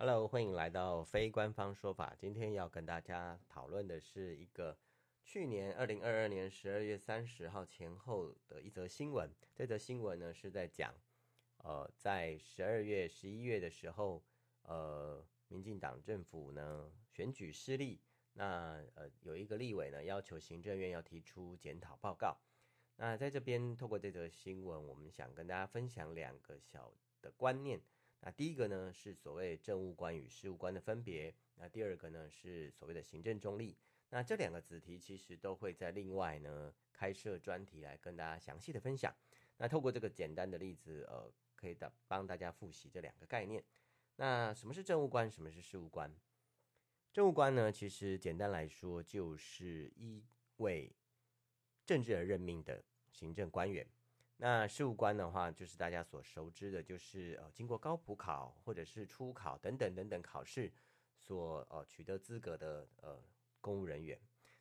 Hello，歡迎來到非官方說法。今天要跟大家討論的是一個去年二零二二年十二月三十號前後的一則新聞。這則新聞呢是在講，呃，在十二月、十一月的時候，呃，民進黨政府呢選舉失利，那呃有一個立委呢要求行政院要提出檢討報告。那在這邊透過這則新聞，我們想跟大家分享兩個小的觀念。那第一個呢是所謂政務官與事務官的分別，那第二個呢是所謂的行政中立。那這兩個子題其實都會在另外呢開設專題來跟大家詳細的分享。那透過這個簡單的例子，呃，可以打幫大家複習這兩個概念。那什麼是政務官？什麼是事務官？政務官呢，其實簡單來說就是一位政治而任命的行政官員。那事務官的話，就是大家所熟知的，就是呃，經過高普考或者是初考等等等等考試，所呃取得資格的呃公務人員。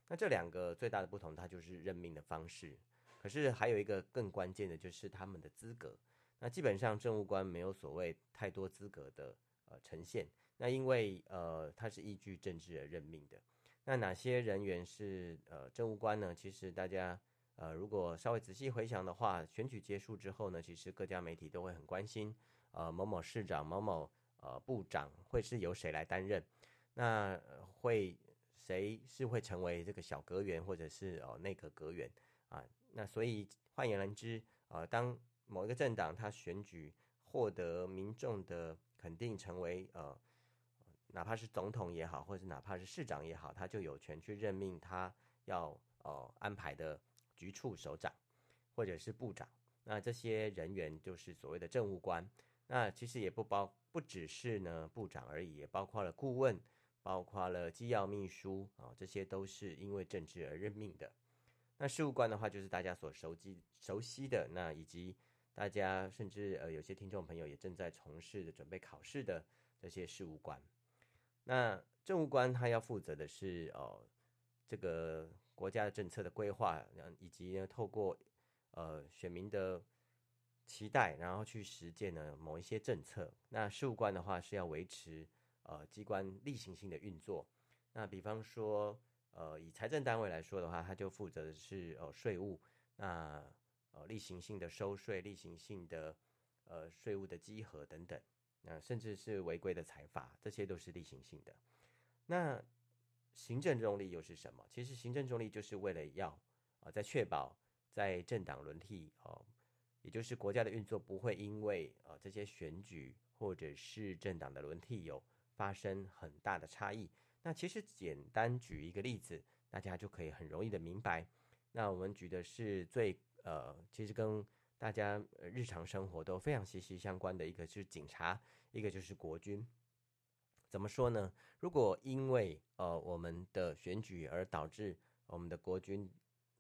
那這兩個最大的不同，它就是任命的方式。可是還有一個更關鍵的，就是他們的資格。那基本上政務官沒有所謂太多資格的呃呈現。那因為呃，他是依據政治而任命的。那哪些人員是呃政務官呢？其實大家。呃，如果稍微仔細回想的話，選舉結束之後呢，其實各家媒體都會很關心，呃，某某市長、某某呃部長會是由誰來擔任，那會誰是會成為這個小閣員或者是哦內閣閣員啊？那所以換言之，呃，當某一個政黨他選舉獲得民眾的肯定，成為呃，哪怕是總統也好，或者是哪怕是市長也好，他就有權去任命他要呃安排的。局處首長，或者是部長，那這些人員就是所謂的政務官。那其實也不包，不只是呢部長而已，也包括了顧問，包括了機要秘書啊、哦，這些都是因為政治而任命的。那事務官的話，就是大家所熟悉熟悉的那，以及大家甚至呃有些聽眾朋友也正在從事的、準備考試的這些事務官。那政務官他要負責的是哦，這個。國家的政策的規劃，以及呢，透過呃選民的期待，然後去實踐呢某一些政策。那事務官的話是要維持呃機關例行性的運作。那比方說，呃，以財政單位來說的話，他就負責的是呃稅務，那呃例行性的收稅、例行性的呃稅務的稽核等等，那甚至是違規的財法，這些都是例行性的。那行政中立又是什麼？其實行政中立就是為了要啊，在、呃、確保在政黨輪替哦、呃，也就是國家的運作不會因為啊、呃、這些選舉或者是政黨的輪替有發生很大的差異。那其實簡單舉一個例子，大家就可以很容易的明白。那我們舉的是最呃，其實跟大家日常生活都非常息息相關的一個是警察，一個就是國軍。怎麼說呢？如果因為呃我們的選舉而導致我們的國軍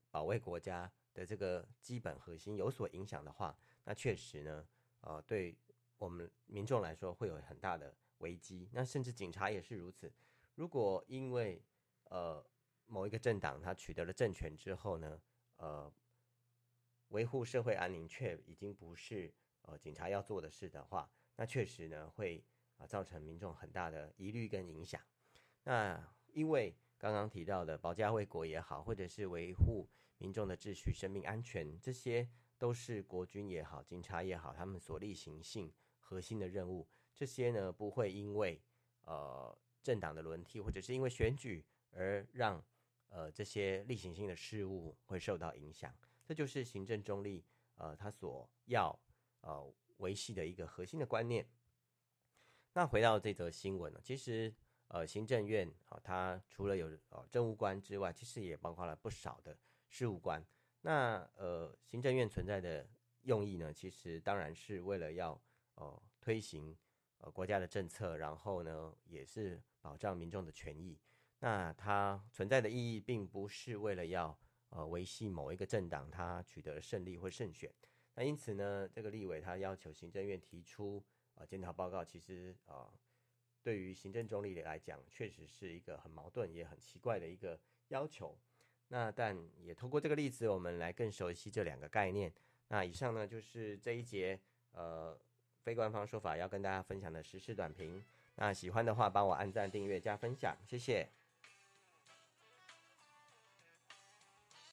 保衛國家的這個基本核心有所影響的話，那確實呢，呃，對我們民眾來說會有很大的危機。那甚至警察也是如此。如果因為呃某一個政黨他取得了政權之後呢，呃，維護社會安寧卻已經不是呃警察要做的事的話，那確實呢會。啊，造成民眾很大的疑慮跟影響。那因為剛剛提到的保家衛國也好，或者是維護民眾的秩序、生命安全，這些都是國軍也好、警察也好，他們所例行性核心的任務。這些呢，不會因為呃政黨的輪替，或者是因為選舉而讓呃這些例行性的事務會受到影響。這就是行政中立呃，他所要呃維繫的一個核心的觀念。那回到這則新聞呢，其實呃，行政院啊，它、哦、除了有呃、哦、政務官之外，其實也包括了不少的事務官。那呃，行政院存在的用意呢，其實當然是為了要、呃、推行呃國家的政策，然後呢，也是保障民眾的權益。那它存在的意義，並不是為了要呃維繫某一個政黨它取得勝利或勝選。那因此呢，這個立委他要求行政院提出。呃，檢討報告其實啊，呃，對於行政中立來講，確實是一個很矛盾也很奇怪的一個要求。那但也通過這個例子，我們來更熟悉這兩個概念。那以上呢，就是這一節呃非官方說法要跟大家分享的時事短評。那喜歡的話，幫我按讚、訂閱、加分享，謝謝。